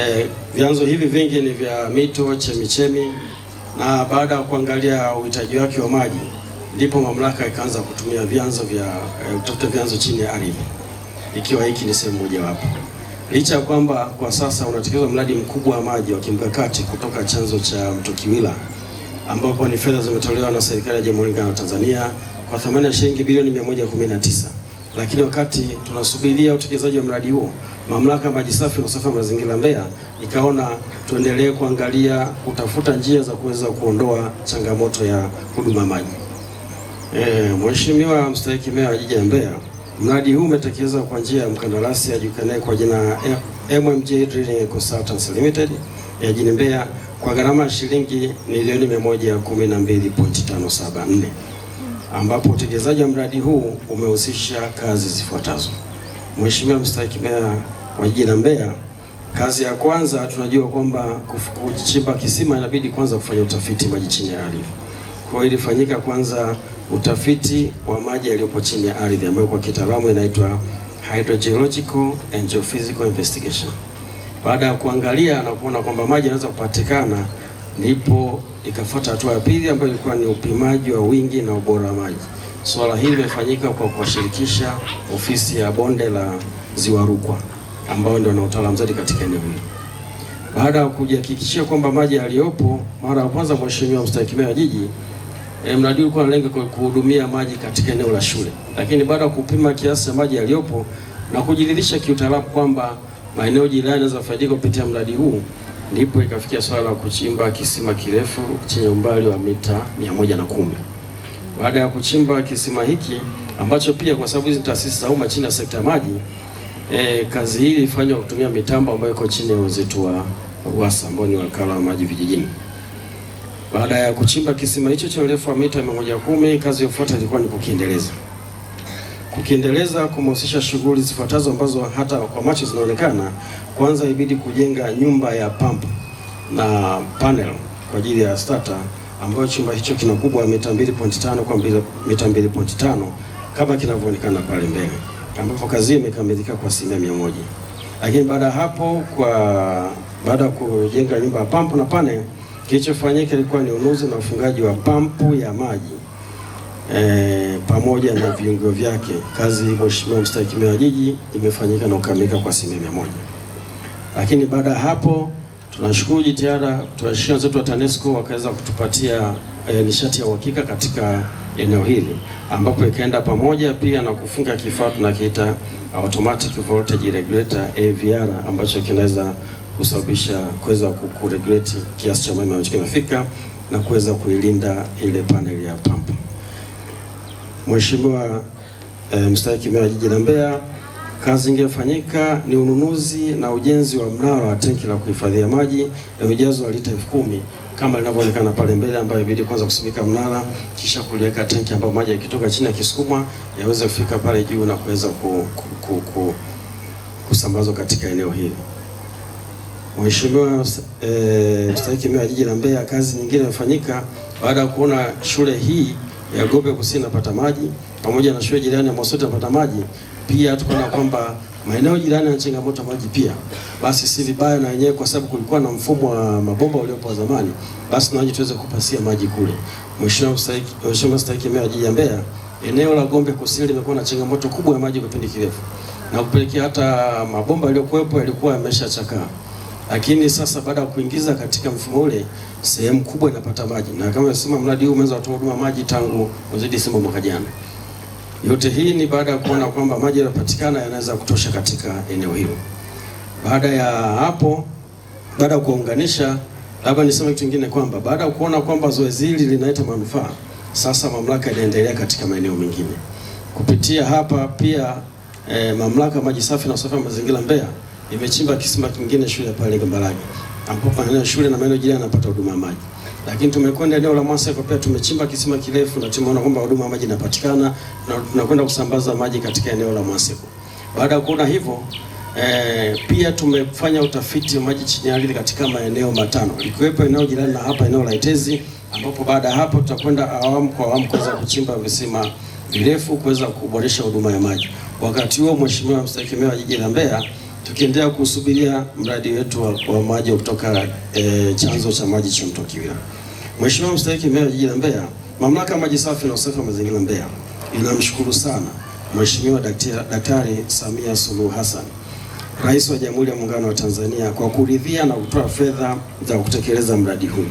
Eh, vyanzo hivi vingi ni vya mito, chemichemi na baada ya kuangalia uhitaji wake wa maji ndipo mamlaka ikaanza kutumia vyanzo vya eh, kutafuta eh, vyanzo chini ya ardhi ikiwa hiki ni sehemu mojawapo. Licha ya kwamba kwa sasa unatekelezwa mradi mkubwa wa maji wa kimkakati kutoka chanzo cha Mto Kiwila ambapo ni fedha zimetolewa na serikali ya Jamhuri ya Muungano wa Tanzania kwa thamani ya shilingi bilioni 119 lakini wakati tunasubiria utekelezaji wa mradi huo, mamlaka ya maji safi na usafi wa mazingira Mbeya ikaona tuendelee kuangalia kutafuta njia za kuweza kuondoa changamoto ya huduma maji. E, Mheshimiwa mstahiki meya wa jiji la Mbeya, mradi huu umetekelezwa kwa njia ya mkandarasi ajulikanaye kwa jina MMJ Drilling Consultants Limited ya jijini Mbeya kwa gharama ya shilingi milioni 112.574 ambapo utekelezaji wa mradi huu umehusisha kazi zifuatazo. Mheshimiwa Mstahiki Meya wa Jiji la Mbeya, kazi ya kwanza tunajua kwamba kuchimba kisima inabidi kwanza kufanya utafiti maji chini ya ardhi. Kwa hiyo ilifanyika kwanza utafiti wa maji yaliyopo chini ya ardhi ambayo kwa kitaalamu inaitwa hydrogeological and geophysical investigation. Baada ya kuangalia na kuona kwamba maji yanaweza kupatikana ndipo ikafuata hatua ya pili ambayo ilikuwa ni upimaji wa wingi na ubora wa maji. Swala hili limefanyika kwa kuwashirikisha ofisi ya bonde la Ziwa Rukwa ambao ndio na utaalamu zaidi katika eneo hili. Baada ya kujihakikishia kwamba maji yaliyopo, mara ya kwanza mheshimiwa mstahiki wa jiji e, mradi ulikuwa unalenga kuhudumia maji katika eneo la shule, lakini baada ya kupima kiasi cha maji yaliyopo na kujiridhisha kiutaalamu kwamba maeneo jirani yanaweza kufaidika kupitia mradi huu ndipo ikafikia swala la kuchimba kisima kirefu chenye umbali wa mita 110. Baada ya kuchimba kisima hiki ambacho pia kwa sababu hizi taasisi za umma chini ya sekta ya maji e, kazi hii ilifanywa kutumia mitambo ambayo iko chini ya wenzetu wa RUWASA ambao ni wakala wa maji vijijini. Baada ya kuchimba kisima hicho cha urefu wa mita 110, kazi iliyofuata ilikuwa ni kukiendeleza. Ukiendeleza kumhusisha shughuli zifuatazo ambazo hata kwa macho zinaonekana, kwanza ibidi kujenga nyumba ya pump na panel kwa ajili ya starter, ambayo chumba hicho kina ukubwa wa mita 2.5 kwa mita 2.5 kama kinavyoonekana pale mbele, ambapo kazi hiyo imekamilika kwa asilimia mia moja. Lakini baada ya hapo, kwa baada ya kujenga nyumba ya pump na panel, kilichofanyika ilikuwa ni ununuzi na ufungaji wa pampu ya maji e, pamoja na viungo vyake. Kazi Mheshimiwa Mstahiki wa Jiji imefanyika na kukamilika kwa asilimia moja. Lakini baada ya hapo tunashukuru jitihada tunashia wenzetu wa TANESCO wakaweza kutupatia e, nishati ya uhakika katika eneo hili ambapo ikaenda pamoja pia na kufunga kifaa tunakiita automatic voltage regulator AVR ambacho kinaweza kusababisha kuweza kuregulate kiasi cha umeme ambacho kinafika na kuweza kuilinda ile paneli ya pampu. Mheshimiwa e, eh, mstahiki meya jiji la Mbeya, kazi ingefanyika ni ununuzi na ujenzi wa mnara wa tenki la kuhifadhia maji na ujazo wa lita elfu kumi kama linavyoonekana pale mbele, ambayo ibidi kwanza kusimika mnara kisha kuliweka tenki ambayo maji yakitoka chini ya kisukuma yaweze kufika pale juu na kuweza ku, ku, ku, ku, kusambazwa katika eneo hili. Mheshimiwa e, eh, mstahiki meya jiji la Mbeya, kazi nyingine imefanyika baada ya kuona shule hii ya Gobe Kusini napata maji pamoja na shule jirani ya Mwasote napata maji pia, tukaona kwamba maeneo jirani yana changamoto maji pia, basi si vibaya na wenyewe, kwa sababu kulikuwa na mfumo wa mabomba uliopo zamani, basi na wenyewe tuweze kupasia maji kule. Mheshimiwa Stahiki Meya wa Jiji la Mbeya, eneo la Gombe Kusini limekuwa na changamoto kubwa ya maji kwa kipindi kirefu na kupelekea hata mabomba yaliyokuwepo yalikuwa yameshachakaa. Lakini sasa baada ya kuingiza katika mfumo ule, sehemu kubwa inapata maji, na kama nasema mradi huu umeanza kutoa huduma maji tangu mwezi Desemba mwaka jana. Yote hii ni baada ya kuona kwamba maji yanapatikana yanaweza kutosha katika eneo hilo. Baada ya hapo, baada ya kuunganisha, labda niseme kitu kingine kwamba baada ya kuona kwamba zoezi hili linaleta manufaa, sasa mamlaka inaendelea katika maeneo mengine kupitia hapa pia eh, mamlaka maji safi na usafi wa mazingira Mbeya imechimba kisima kingine shule pale Gambarage, ambapo ana shule na maeneo jirani anapata huduma ya maji. Lakini tumekwenda eneo la Mwaseko pia tumechimba kisima kirefu na tumeona kwamba huduma ya maji inapatikana na tunakwenda kusambaza maji katika eneo la Mwaseko. Baada ya kuona hivyo eh, pia tumefanya utafiti wa maji chini ya ardhi katika maeneo matano likiwepo eneo jirani na hapa eneo la Itezi, ambapo baada ya hapo tutakwenda awamu kwa awamu kuweza kuchimba visima virefu kuweza kuboresha huduma ya maji. Wakati huo Mheshimiwa Mstahiki Meya wa Jiji la Mbeya tukiendelea kusubiria mradi wetu wa, wa maji kutoka e, chanzo cha maji cha Mto Kiwira. Mheshimiwa Mstahiki Meya wa Jiji la Mbeya, Mamlaka ya Maji Safi na Usafi wa Mazingira Mbeya inamshukuru sana Mheshimiwa Daktari Samia Suluhu Hassan, Rais wa Jamhuri ya Muungano wa Tanzania kwa kuridhia na kutoa fedha za kutekeleza mradi huu.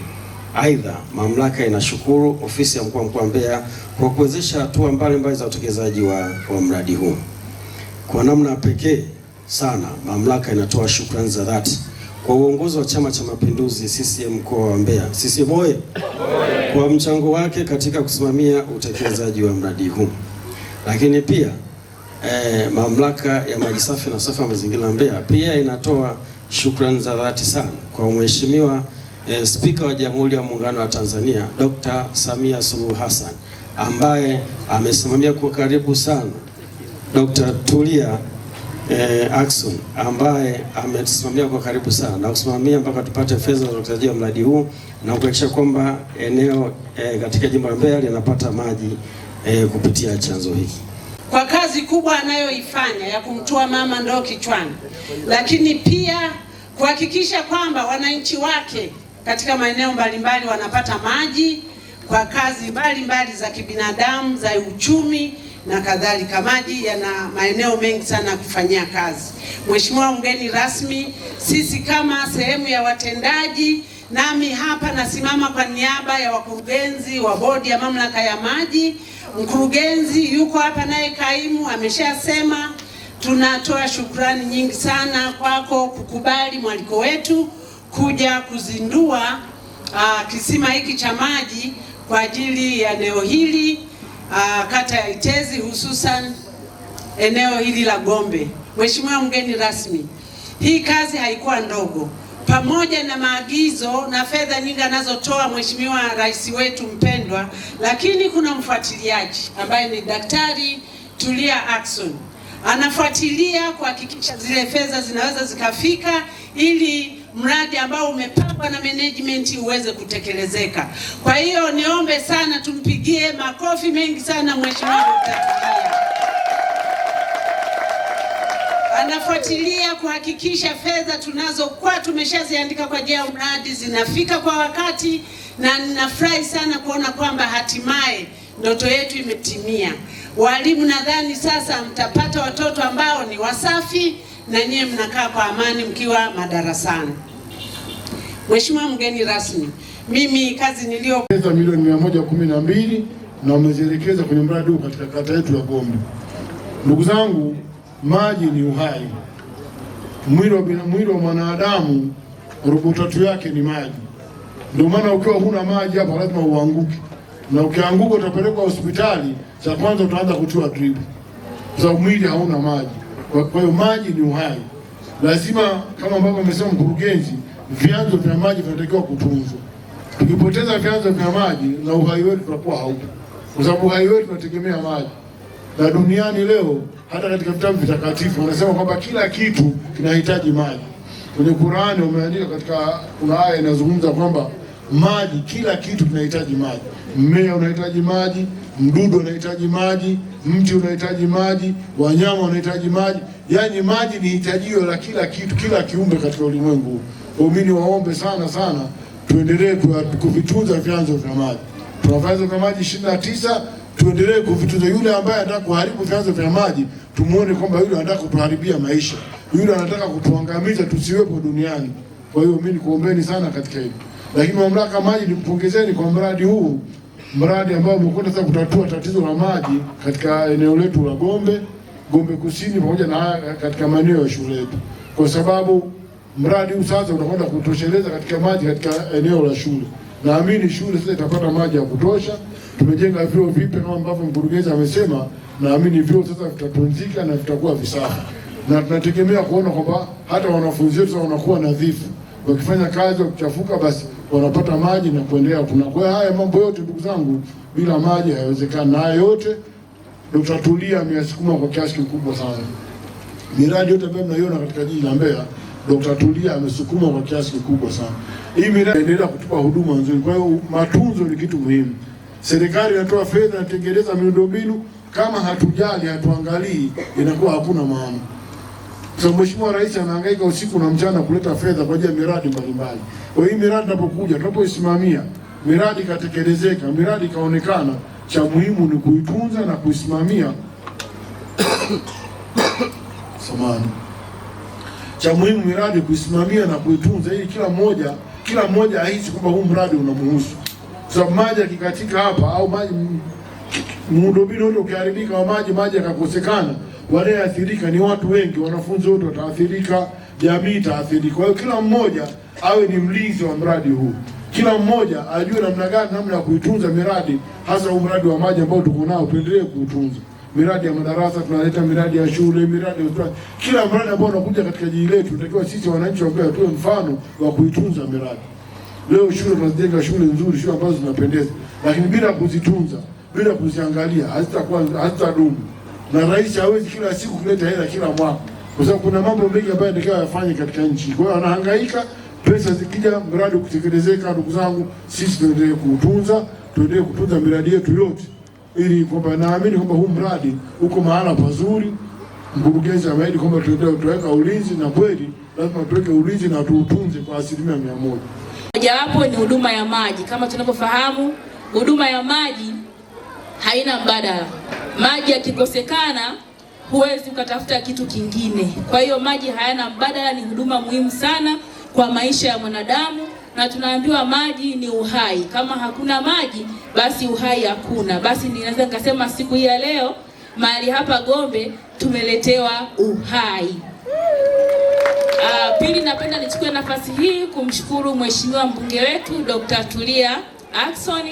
Aidha, mamlaka inashukuru ofisi ya mkuu wa mkoa Mbeya kwa kuwezesha hatua mbalimbali za utekelezaji wa, wa mradi huu. Kwa namna pekee sana. Mamlaka inatoa shukrani za dhati kwa uongozi wa Chama cha Mapinduzi CCM mkoa wa Mbeya, CCM oye, kwa mchango wake katika kusimamia utekelezaji wa mradi huu. Lakini pia eh, mamlaka ya maji safi na usafi wa mazingira Mbeya pia inatoa shukrani za dhati sana kwa mheshimiwa eh, Spika wa Jamhuri ya Muungano wa Tanzania Dr. Samia Suluhu Hassan ambaye amesimamia kwa karibu sana Dr. Tulia eh, Axon ambaye ametusimamia kwa karibu sana na kusimamia mpaka tupate fedha za kutajia mradi huu na kuhakikisha kwamba eneo eh, katika jimbo la Mbeya linapata maji eh, kupitia chanzo hiki kwa kazi kubwa anayoifanya ya kumtoa mama ndoo kichwani, lakini pia kuhakikisha kwamba wananchi wake katika maeneo mbalimbali wanapata maji kwa kazi mbalimbali mbali za kibinadamu za uchumi na kadhalika. Maji yana maeneo mengi sana kufanyia kazi. Mheshimiwa mgeni rasmi, sisi kama sehemu ya watendaji, nami hapa nasimama kwa niaba ya wakurugenzi wa bodi ya mamlaka ya maji. Mkurugenzi yuko hapa naye, kaimu ameshasema. Tunatoa shukrani nyingi sana kwako kukubali mwaliko wetu kuja kuzindua uh, kisima hiki cha maji kwa ajili ya eneo hili uh, kata ya Itezi hususan eneo hili la Gombe. Mheshimiwa mgeni rasmi, hii kazi haikuwa ndogo, pamoja na maagizo na fedha nyingi anazotoa Mheshimiwa Rais wetu mpendwa, lakini kuna mfuatiliaji ambaye ni Daktari Tulia Ackson anafuatilia kuhakikisha zile fedha zinaweza zikafika ili mradi ambao umepangwa na management uweze kutekelezeka. Kwa hiyo niombe sana, tumpigie makofi mengi sana mheshimiwa anafuatilia kuhakikisha fedha tunazokuwa tumeshaziandika kwa ajili ya mradi zinafika kwa wakati, na ninafurahi sana kuona kwamba hatimaye ndoto yetu imetimia. Walimu, nadhani sasa mtapata watoto ambao ni wasafi na nyie mnakaa kwa amani mkiwa madarasani. Mheshimiwa mgeni rasmi, mimi kazi niliyo milioni mia moja kumi na mbili na wamezielekeza kwenye mradi huu katika kata yetu ya Gombe. Ndugu zangu, maji ni uhai. Mwili wa mwili wa mwanadamu robo tatu yake ni maji. Ndio maana ukiwa huna maji hapa lazima uanguke, na ukianguka utapelekwa hospitali, cha kwanza utaanza kutiwa drip kwa sababu mwili hauna maji. Kwa hiyo maji ni uhai, lazima kama ambavyo amesema mkurugenzi, vyanzo vya maji vinatakiwa kutunzwa. Tukipoteza vyanzo vya maji na uhai wetu tunakuwa haupo, kwa sababu uhai wetu unategemea maji. Na duniani leo hata katika vitabu vitakatifu wanasema kwamba kila kitu kinahitaji maji. Kwenye Qur'ani wameandika katika kuna aya inazungumza kwamba maji, kila kitu kinahitaji maji. Mmea unahitaji maji, mdudu unahitaji maji, mti unahitaji maji, wanyama wanahitaji maji. Yaani maji ni hitajio la kila kitu, kila kiumbe katika ulimwengu. Waumini waombe sana sana, tuendelee kuvitunza vyanzo vya maji. Tuna vyanzo vya maji ishirini na tisa, tuendelee kuvitunza. Yule ambaye anataka kuharibu vyanzo vya maji, tumuone kwamba yule anataka kutuharibia maisha, yule anataka kutuangamiza, tusiwepo duniani. Kwa hiyo mimi nikuombeni sana katika hili. Lakini mamlaka maji nimpongezeni kwa mradi huu, mradi ambao umekwenda sasa kutatua tatizo la maji katika eneo letu la Gombe, Gombe Kusini pamoja na katika maeneo ya shule yetu, kwa sababu mradi huu sasa unakwenda kutosheleza katika maji katika eneo la shule. Naamini shule sasa itapata maji ya kutosha. Tumejenga vyoo vipya kama ambavyo mkurugenzi amesema, naamini vyoo sasa vitatunzika na vitakuwa visafi, na tunategemea kuona kwamba hata wanafunzi wetu wanakuwa nadhifu, wakifanya kazi wakichafuka basi wanapata maji na kuendelea kuna. Kwa hiyo haya mambo yote ndugu zangu, bila maji hayawezekani, na haya yote tutatulia Tulia kwa kiasi kikubwa sana. Miradi yote ambayo mnaiona katika jiji la Mbeya, Dkt. Tulia amesukuma kwa kiasi kikubwa sana. Hii miradi inaendelea kutupa huduma nzuri, kwa hiyo matunzo ni kitu muhimu. Serikali inatoa fedha, kutengeneza miundombinu, kama hatujali, hatuangalii, inakuwa hakuna maana. So Mheshimiwa Rais anahangaika usiku na mchana kuleta fedha kwa ajili ya miradi mbalimbali. Kwa hiyo miradi inapokuja, tunapoisimamia miradi ikatekelezeka, miradi ikaonekana, cha muhimu ni kuitunza na kuisimamia samani cha muhimu miradi kuisimamia na kuitunza, ili kila mmoja kila mmoja ahisi kwamba huu mradi unamuhusu, kwa sababu maji yakikatika hapa au maji muundombinu wote ukiharibika wa maji maji yakakosekana wanayeathirika ni watu wengi, wanafunzi wote wataathirika, jamii itaathirika. Kwa hiyo kila mmoja awe ni mlinzi wa mradi huu, kila mmoja ajue namna gani, namna ya kuitunza miradi, hasa huu mradi wa maji ambao tuko nao, tuendelee kuutunza miradi ya madarasa tunaleta miradi ya shule, miradi ya hospitali. Kila mradi ambao unakuja katika jiji letu, tunatakiwa sisi wananchi wa Mbeya tuwe mfano wa kuitunza miradi. Leo shule tunazijenga shule nzuri, shule ambazo zinapendeza, lakini bila kuzitunza, bila kuziangalia, hazitakuwa hazitadumu na rais hawezi kila siku kuleta hela kila mwaka, kwa sababu kuna mambo mengi ambayo anatakiwa yafanye katika nchi. Kwa hiyo anahangaika, pesa zikija mradi ukitekelezeka, Ndugu zangu, sisi tuendelee kuutunza, tuendelee kutunza miradi yetu yote, ili kwamba naamini kwamba huu mradi uko mahala pazuri. Mkurugenzi ameahidi kwamba tutaweka ulinzi, na kweli lazima tuweke ulinzi na tuutunze kwa asilimia mia moja. Mojawapo ni huduma ya maji. Kama tunavyofahamu, huduma ya maji haina mbadala. Maji yakikosekana huwezi ukatafuta kitu kingine. Kwa hiyo maji hayana mbadala, ni huduma muhimu sana kwa maisha ya mwanadamu, na tunaambiwa maji ni uhai. Kama hakuna maji, basi uhai hakuna. Basi ninaweza nikasema siku hii ya leo mahali hapa Gombe tumeletewa uhai. Uh, pili, napenda nichukue nafasi hii kumshukuru mheshimiwa mbunge wetu Dr. Tulia Ackson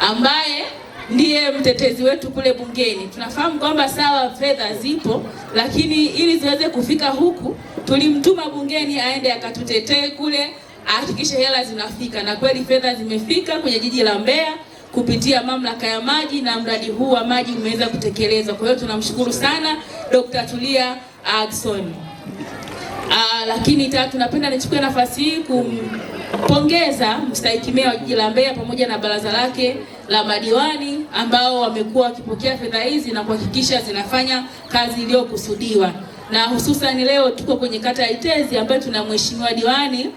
ambaye ndiye mtetezi wetu kule bungeni. Tunafahamu kwamba sawa, fedha zipo, lakini ili ziweze kufika huku tulimtuma bungeni aende akatutetee kule, ahakikishe hela zinafika, na kweli fedha zimefika kwenye jiji la Mbeya kupitia mamlaka ya maji na mradi huu wa maji umeweza kutekelezwa. Kwa hiyo tunamshukuru sana Dr. Tulia Ackson. Aa, ah, lakini tatu, napenda nichukue nafasi hii kumpongeza mstahiki meya wa jiji la Mbeya pamoja na baraza lake la madiwani ambao wamekuwa wakipokea fedha hizi na kuhakikisha zinafanya kazi iliyokusudiwa, na hususan leo tuko kwenye kata ya Itezi ambayo tuna mheshimiwa diwani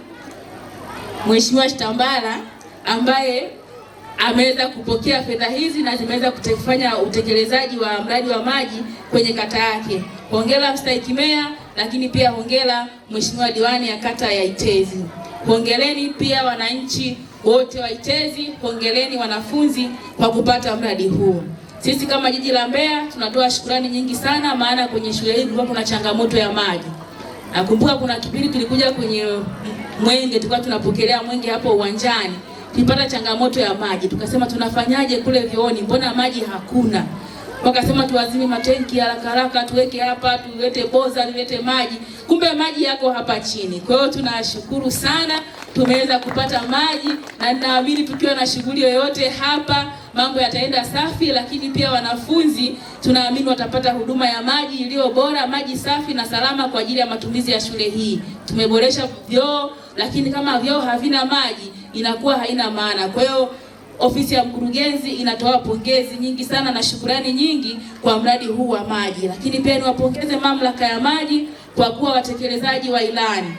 Mheshimiwa Shtambala ambaye ameweza kupokea fedha hizi na zimeweza kufanya utekelezaji wa mradi wa maji kwenye kata yake. Hongera mstahiki meya, lakini pia hongera mheshimiwa diwani ya kata ya Itezi. Hongereni pia wananchi wote wa Itezi, hongereni wanafunzi kwa kupata mradi huu. Sisi kama jiji la Mbeya tunatoa shukrani nyingi sana, maana kwenye shule hii kulikuwa kuna changamoto ya maji. Nakumbuka kuna kipindi tulikuja kwenye mwenge, tulikuwa tunapokelea mwenge hapo uwanjani, tulipata changamoto ya maji, tukasema tunafanyaje kule vyooni, mbona maji hakuna? wakasema tuwazime matenki haraka haraka, tuweke hapa, tulete boza, tulete maji, kumbe maji yako hapa chini. Kwa hiyo tunashukuru sana, tumeweza kupata maji, na ninaamini tukiwa na shughuli yoyote hapa mambo yataenda safi, lakini pia wanafunzi tunaamini watapata huduma ya maji iliyo bora, maji safi na salama kwa ajili ya matumizi ya shule hii. Tumeboresha vyoo, lakini kama vyoo havina maji inakuwa haina maana. Kwa hiyo Ofisi ya mkurugenzi inatoa pongezi nyingi sana na shukurani nyingi kwa mradi huu wa maji, lakini pia niwapongeze mamlaka ya maji kwa kuwa watekelezaji wa ilani.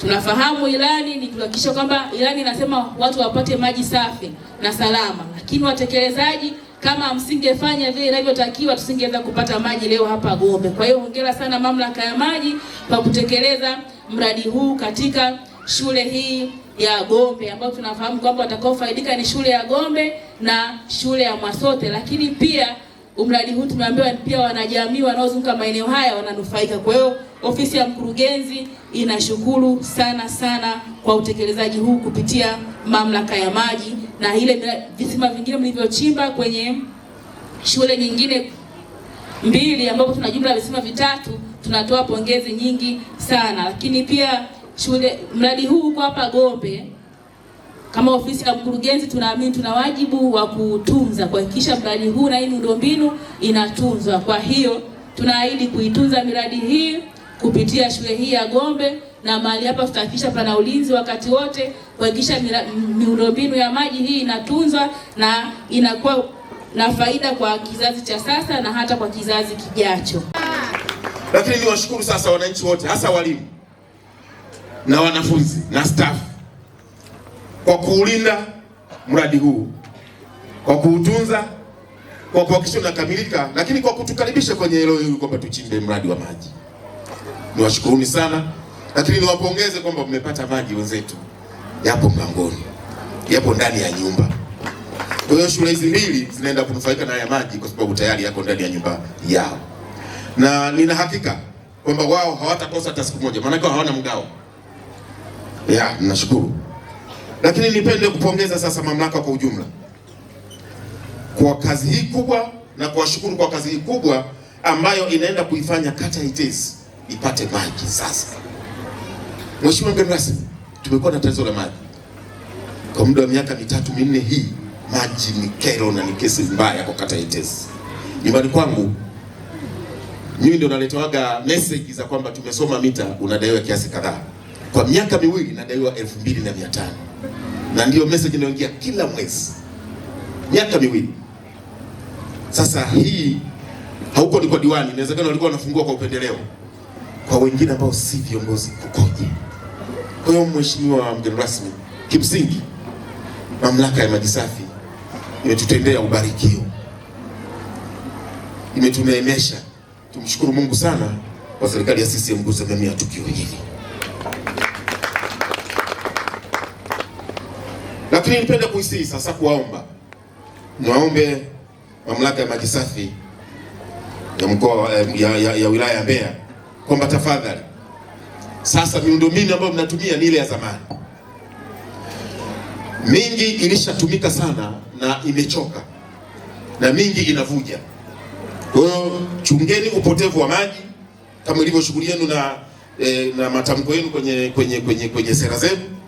Tunafahamu ilani ni kuhakikisha kwamba ilani inasema watu wapate maji safi na salama, lakini watekelezaji kama msingefanya vile inavyotakiwa tusingeweza kupata maji leo hapa Gombe. Kwa hiyo hongera sana mamlaka ya maji kwa kutekeleza mradi huu katika shule hii ya Gombe ambayo tunafahamu kwamba watakaofaidika ni shule ya Gombe na shule ya Mwasote, lakini pia umradi huu tumeambiwa pia wanajamii wanaozunguka maeneo haya wananufaika. Kwa hiyo ofisi ya mkurugenzi inashukuru sana sana kwa utekelezaji huu kupitia mamlaka ya maji na ile visima vingine mlivyochimba kwenye shule nyingine mbili ambapo tuna jumla ya visima vitatu. Tunatoa pongezi nyingi sana, lakini pia shule. Mradi huu huko hapa Gombe, kama ofisi ya mkurugenzi, tunaamini tuna wajibu wa kutunza, kuhakikisha mradi huu na hii miundombinu inatunzwa. Kwa hiyo tunaahidi kuitunza miradi hii kupitia shule hii ya Gombe na mahali hapa tutahakikisha pana ulinzi wakati wote, kuhakikisha miundombinu ya maji hii inatunzwa na inakuwa na faida kwa kizazi cha sasa na hata kwa kizazi kijacho. Lakini niwashukuru sasa wananchi wote, hasa walimu na wanafunzi na staff kwa kuulinda mradi huu, kwa kuutunza, kwa kuhakikisha unakamilika, lakini kwa kutukaribisha kwenye eneo hili kwamba tuchimbe mradi wa maji. Niwashukuruni sana, lakini niwapongeze kwamba mmepata maji wenzetu, yapo mlangoni, yapo ndani ya nyumba. Kwa hiyo shule hizi mbili zinaenda kunufaika na haya maji kwa sababu tayari yako ndani ya nyumba yao, na nina hakika kwamba wao hawatakosa hata siku moja, maanake hawana mgao ya nashukuru, lakini nipende kupongeza sasa mamlaka kwa ujumla kwa kazi hii kubwa na kuwashukuru kwa kazi hii kubwa ambayo inaenda kuifanya kata Itezi ipate maji sasa. Mheshimiwa mgeni rasmi, tumekuwa na tatizo la maji kwa muda wa miaka mitatu minne hii. Maji ni kero na ni kesi mbaya kwa kata Itezi. Nyumbani kwangu mimi ndio naletewaga message za kwamba tumesoma mita, unadaiwa kiasi kadhaa. Kwa miaka miwili nadaiwa elfu mbili na mia tano na ndiyo message inayoingia kila mwezi, miaka miwili sasa. Hii hauko ni kwa diwani, inawezekana walikuwa wanafungua kwa upendeleo, kwa wengine ambao si viongozi kukoje? Kwa hiyo mheshimiwa mgeni rasmi, kimsingi mamlaka ya maji safi imetutendea ubarikio, imetuneemesha. Tumshukuru Mungu sana kwa serikali ya CCM kusimamia tukio hili. Lakini nipende kuisihi sasa kuwaomba mwaombe mamlaka ya maji safi ya mkoa ya, ya, ya wilaya ya Mbeya kwamba tafadhali sasa miundombinu ambayo mnatumia ni ile ya zamani, mingi ilishatumika sana na imechoka na mingi inavuja. Kwa hiyo chungeni upotevu wa maji kama ilivyo shughuli yenu na, eh, na matamko yenu kwenye, kwenye, kwenye, kwenye sera zenu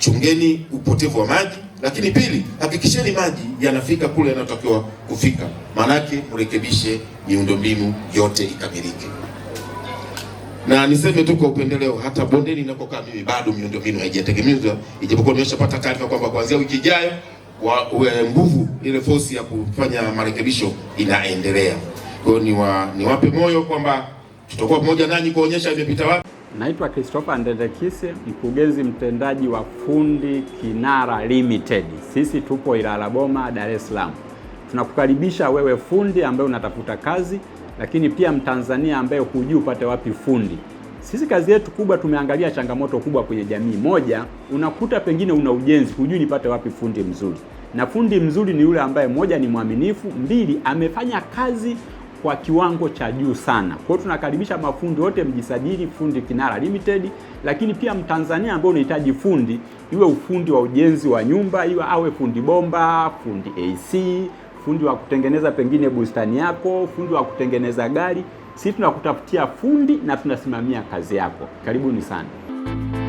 chungeni upotevu wa maji, lakini pili, hakikisheni maji yanafika kule yanayotakiwa kufika, maanake mrekebishe miundombinu yote ikamilike. Na niseme tu kwa upendeleo, hata bondeni ninakokaa mimi bado miundombinu haijategemezwa, ijapokuwa nimeshapata taarifa kwamba kuanzia wiki ijayo nguvu ile fosi ya kufanya marekebisho inaendelea. Kwa hiyo niwape moyo kwamba tutakuwa pamoja nanyi kuonyesha imepita wapi. Naitwa Christopher Ndendekise, mkurugenzi mtendaji wa Fundi Kinara Limited. Sisi tupo Ilala Boma, Dar es Salaam. Tunakukaribisha wewe fundi ambaye unatafuta kazi, lakini pia Mtanzania ambaye hujui upate wapi fundi. Sisi kazi yetu kubwa, tumeangalia changamoto kubwa kwenye jamii. Moja, unakuta pengine una ujenzi, hujui nipate wapi fundi mzuri, na fundi mzuri ni yule ambaye, moja, ni mwaminifu; mbili, amefanya kazi kwa kiwango cha juu sana. Kwa hiyo tunakaribisha mafundi wote mjisajili Fundi Kinara Limited, lakini pia Mtanzania ambaye unahitaji fundi, iwe ufundi wa ujenzi wa nyumba, iwe awe fundi bomba, fundi AC, fundi wa kutengeneza pengine bustani yako, fundi wa kutengeneza gari, sisi tunakutafutia fundi na tunasimamia kazi yako. Karibuni sana.